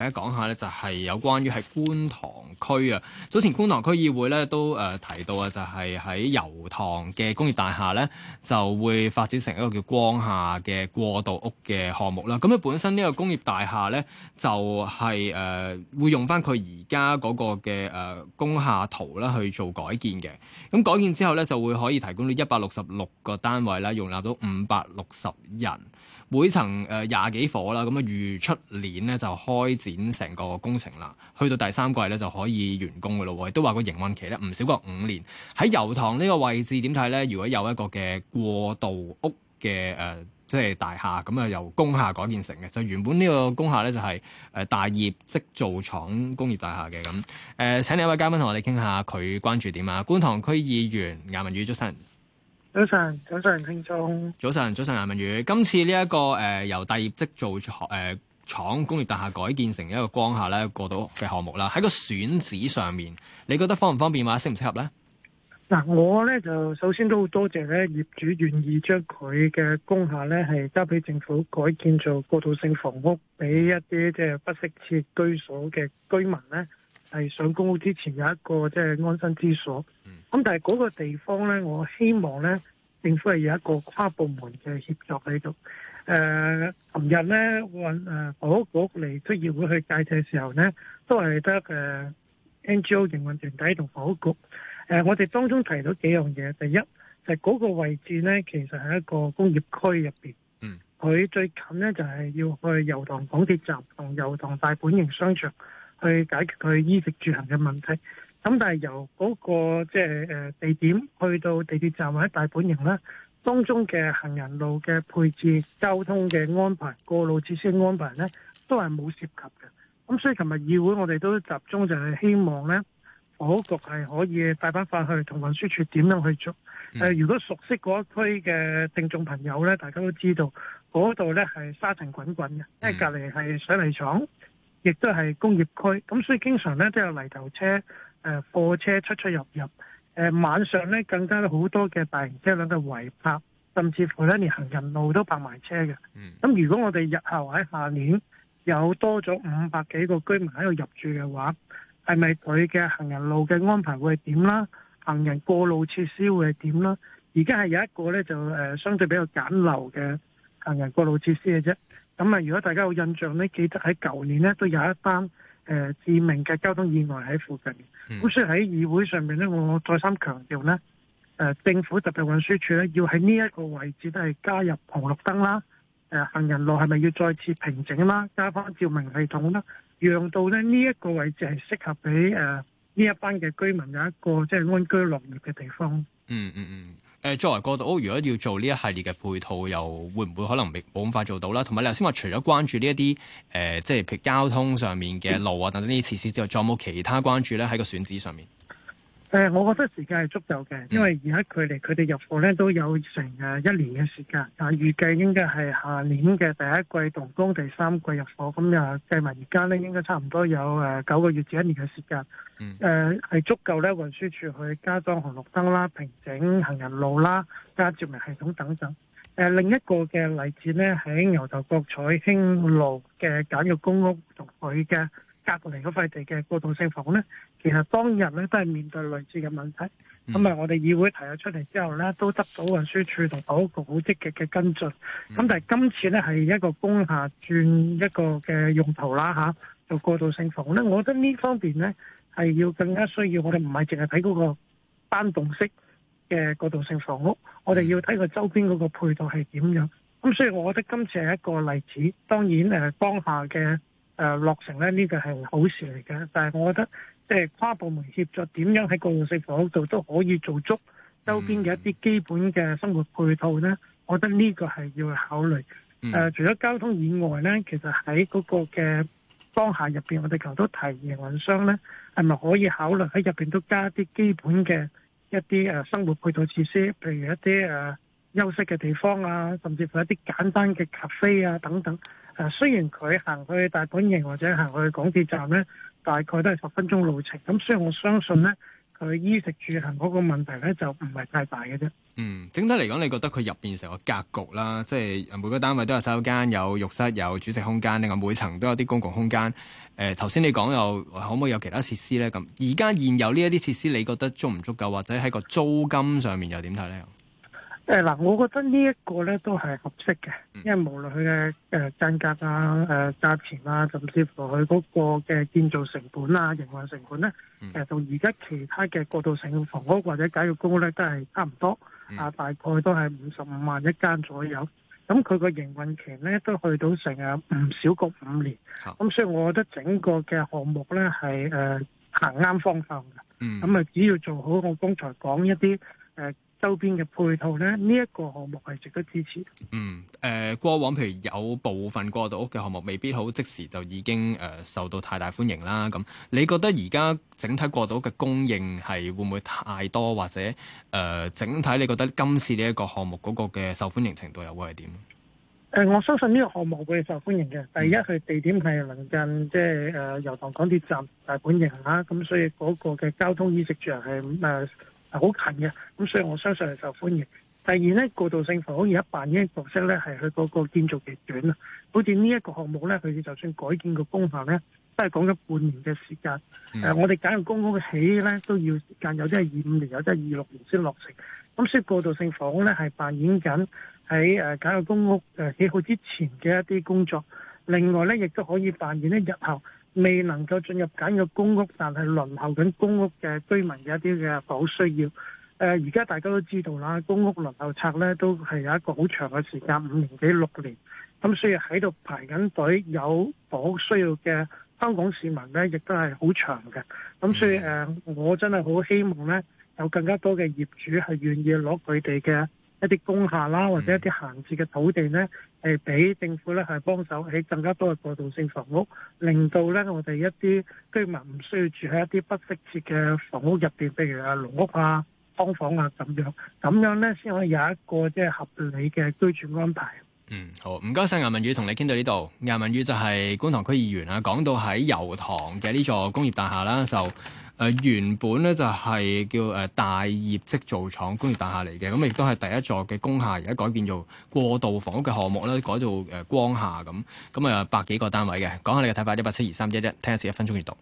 大家講下咧，就係有關於係觀塘區啊。早前觀塘區議會咧都誒、呃、提到啊，就係喺油塘嘅工業大廈咧，就會發展成一個叫光下嘅過渡屋嘅項目啦。咁啊，本身呢個工業大廈咧就係、是、誒、呃、會用翻佢而家嗰個嘅誒、呃、工廈圖啦去做改建嘅。咁改建之後咧就會可以提供到一百六十六個單位啦，容納到五百六十人，每層誒廿幾伙啦。咁、呃、啊，預出年咧就開展。展成個工程啦，去到第三季咧就可以完工嘅咯。都話個營運期咧唔少過五年。喺油塘呢個位置點睇咧？如果有一個嘅過渡屋嘅誒、即、呃、係、就是、大廈咁啊、呃，由工廈改建成嘅。就原本呢個工廈咧就係、是、誒大業織造廠工業大廈嘅咁，誒，請另一位嘉賓同我哋傾下佢關注點啊。觀塘區議員顏汶羽早晨，早晨早晨，聽眾早晨早晨顏汶羽，今次呢、這、一個誒、呃、由大業織造誒。呃廠工業大廈改建成一個光下咧過渡嘅項目啦，喺個選址上面，你覺得方唔方便或者適唔適合咧？嗱，我咧就首先都好多謝咧業主願意將佢嘅工廈咧係交俾政府改建做過渡性房屋，俾一啲即係不適切居所嘅居民咧係上公屋之前有一個即係安身之所。咁、嗯、但係嗰個地方咧，我希望咧政府係有一個跨部門嘅協作喺度。誒，琴、呃、日咧，我誒房屋局嚟出業會去介紹嘅時候咧，都係得誒 NGO 營運團體同房屋局。誒、呃，我哋當中提到幾樣嘢，第一就係、是、嗰個位置咧，其實係一個工業區入邊。嗯。佢最近咧就係要去油塘港鐵站同油塘大本營商場去解決佢衣食住行嘅問題。咁但係由嗰、那個即係誒地點去到地鐵站或者大本營咧。當中嘅行人路嘅配置、交通嘅安排、過路設施安排呢，都係冇涉及嘅。咁所以琴日議會我哋都集中就係希望呢，火局係可以帶翻返去同運輸處點樣去做。誒、嗯呃，如果熟悉嗰一區嘅聽眾朋友呢，大家都知道嗰度呢係沙塵滾滾嘅，嗯、因為隔籬係水泥廠，亦都係工業區。咁所以經常呢都有泥頭車、誒、呃、貨車出出入入。呃、晚上咧更加好多嘅大型車輛嘅違泊，甚至乎咧連行人路都泊埋車嘅。咁、嗯、如果我哋日後喺下年有多咗五百幾個居民喺度入住嘅話，係咪佢嘅行人路嘅安排會係點啦？行人過路設施會係點啦？而家係有一個咧就誒、呃、相對比較簡陋嘅行人過路設施嘅啫。咁啊，如果大家有印象咧，記得喺舊年咧都有一班，誒、呃、致命嘅交通意外喺附近，咁、嗯、所以喺議會上面咧，我再三強調咧，誒、呃、政府特別運輸署咧，要喺呢一個位置都係加入紅綠燈啦，誒、呃、行人路係咪要再次平整啦？加返照明系統啦，讓到咧呢一個位置係適合俾誒呢一班嘅居民有一個即係安居樂業嘅地方。嗯嗯嗯。嗯嗯誒作為過渡屋，如果要做呢一系列嘅配套，又會唔會可能冇咁快做到啦？同埋你頭先話，除咗關注呢一啲誒，即、呃、係交通上面嘅路啊等等呢啲設施之外，仲有冇其他關注咧？喺個選址上面？誒，我覺得時間係足夠嘅，因為而家距離佢哋入貨咧都有成誒一年嘅時間，但係預計應該係下年嘅第一季動工，第三季入貨，咁又計埋而家咧，應該差唔多有誒九個月至一年嘅時間，誒係、嗯呃、足夠咧運輸處去加裝紅綠燈啦、平整行人路啦、加照明系統等等。誒、呃，另一個嘅例子咧喺牛頭角彩興路嘅簡約公屋同佢嘅。隔離嗰塊地嘅過渡性房呢，其實當日呢都係面對類似嘅問題。咁啊、嗯，我哋議會提咗出嚟之後呢，都得到運輸處同保局好積極嘅跟進。咁、嗯、但係今次呢，係一個工廈轉一個嘅用途啦嚇，就、啊、過渡性房呢，我覺得呢方面呢係要更加需要，我哋唔係淨係睇嗰個單棟式嘅過渡性房屋，我哋要睇佢周邊嗰個配套係點樣。咁所以我覺得今次係一個例子。當然誒、呃，當下嘅。誒、呃、落成咧，呢、這個係好事嚟嘅，但係我覺得即係跨部門協作，點樣喺個用成房度都可以做足周邊嘅一啲基本嘅生活配套呢？嗯、我覺得呢個係要去考慮、呃。除咗交通以外呢，其實喺嗰個嘅當下入邊，我哋求都提營運商呢，係咪可以考慮喺入邊都加啲基本嘅一啲誒、呃、生活配套設施，譬如一啲誒。呃休息嘅地方啊，甚至乎一啲簡單嘅咖啡啊等等。啊，雖然佢行去大本營或者行去港鐵站咧，大概都係十分鐘路程。咁、啊，所以我相信咧，佢衣食住行嗰個問題咧就唔係太大嘅啫。嗯，整體嚟講，你覺得佢入邊成個格局啦，即係每個單位都有洗手間，有浴室、有煮食空間，另外每層都有啲公共空間。誒、呃，頭先你講又可唔可以有其他設施咧？咁而家現有呢一啲設施，你覺得足唔足夠或者喺個租金上面又點睇咧？誒嗱，我覺得呢一個咧都係合適嘅，因為無論佢嘅誒間隔啊、誒、呃、價錢啊，甚至乎佢嗰個嘅建造成本啊、營運成本咧，其實同而家其他嘅過渡性房屋或者解決公屋咧都係差唔多，嗯、啊大概都係五十五萬一間左右。咁佢個營運期咧都去到成啊唔少過五年。咁好所以我覺得整個嘅項目咧係誒行啱方向嘅。咁啊、嗯，只要做好我剛，剛才講一啲誒。呃周邊嘅配套呢，呢、這、一個項目係值得支持。嗯，誒、呃、過往譬如有部分過渡屋嘅項目未必好即時就已經誒、呃、受到太大歡迎啦。咁你覺得而家整體過渡屋嘅供應係會唔會太多，或者誒、呃、整體你覺得今次呢一個項目嗰個嘅受歡迎程度又會係點？誒、呃，我相信呢個項目會受歡迎嘅。第一，佢、嗯、地點係鄰近，即係誒油塘港鐵站、大本營啊，咁所以嗰個嘅交通、衣食住行係好近嘅，咁所以我相信係受歡迎。第二咧，過渡性房屋而家扮演嘅角色咧，係佢嗰個建造期短啦。好似呢一個項目咧，佢就算改建個工棚咧，都係講咗半年嘅時間。誒、嗯呃，我哋簡約公屋起咧都要時間，有啲係二五年，有啲係二六年先落成。咁所以過渡性房屋咧係扮演緊喺誒簡約公屋誒起好之前嘅一啲工作。另外咧，亦都可以扮演啲日後。未能夠進入緊嘅公屋，但係輪候緊公屋嘅居民嘅一啲嘅房屋需要。誒、呃，而家大家都知道啦，公屋輪候冊咧都係有一個好長嘅時間，五年幾、六年。咁、嗯、所以喺度排緊隊有房屋需要嘅香港市民咧，亦都係好長嘅。咁、嗯、所以誒、呃，我真係好希望咧，有更加多嘅業主係願意攞佢哋嘅。一啲工廈啦，或者一啲閒置嘅土地呢，係俾政府呢，係幫手起更加多嘅過渡性房屋，令到呢，我哋一啲居民唔需要住喺一啲不適切嘅房屋入邊，譬如啊農屋啊、劏房啊咁樣。咁樣呢，先可以有一個即係合理嘅居住安排。嗯，好，唔該晒。顏汶羽同你傾到呢度。顏汶羽就係觀塘區議員啊，講到喺油塘嘅呢座工業大廈啦，就。呃、原本咧就係、是、叫誒、呃、大業即造廠工業大廈嚟嘅，咁亦都係第一座嘅工廈，而家改變做過渡房屋嘅項目咧，改做誒、呃、光廈咁，咁、嗯、啊、呃、百幾個單位嘅。講下你嘅睇法一八七二三一一，2, 3, 1, 1, 聽一次，一分鐘閱讀。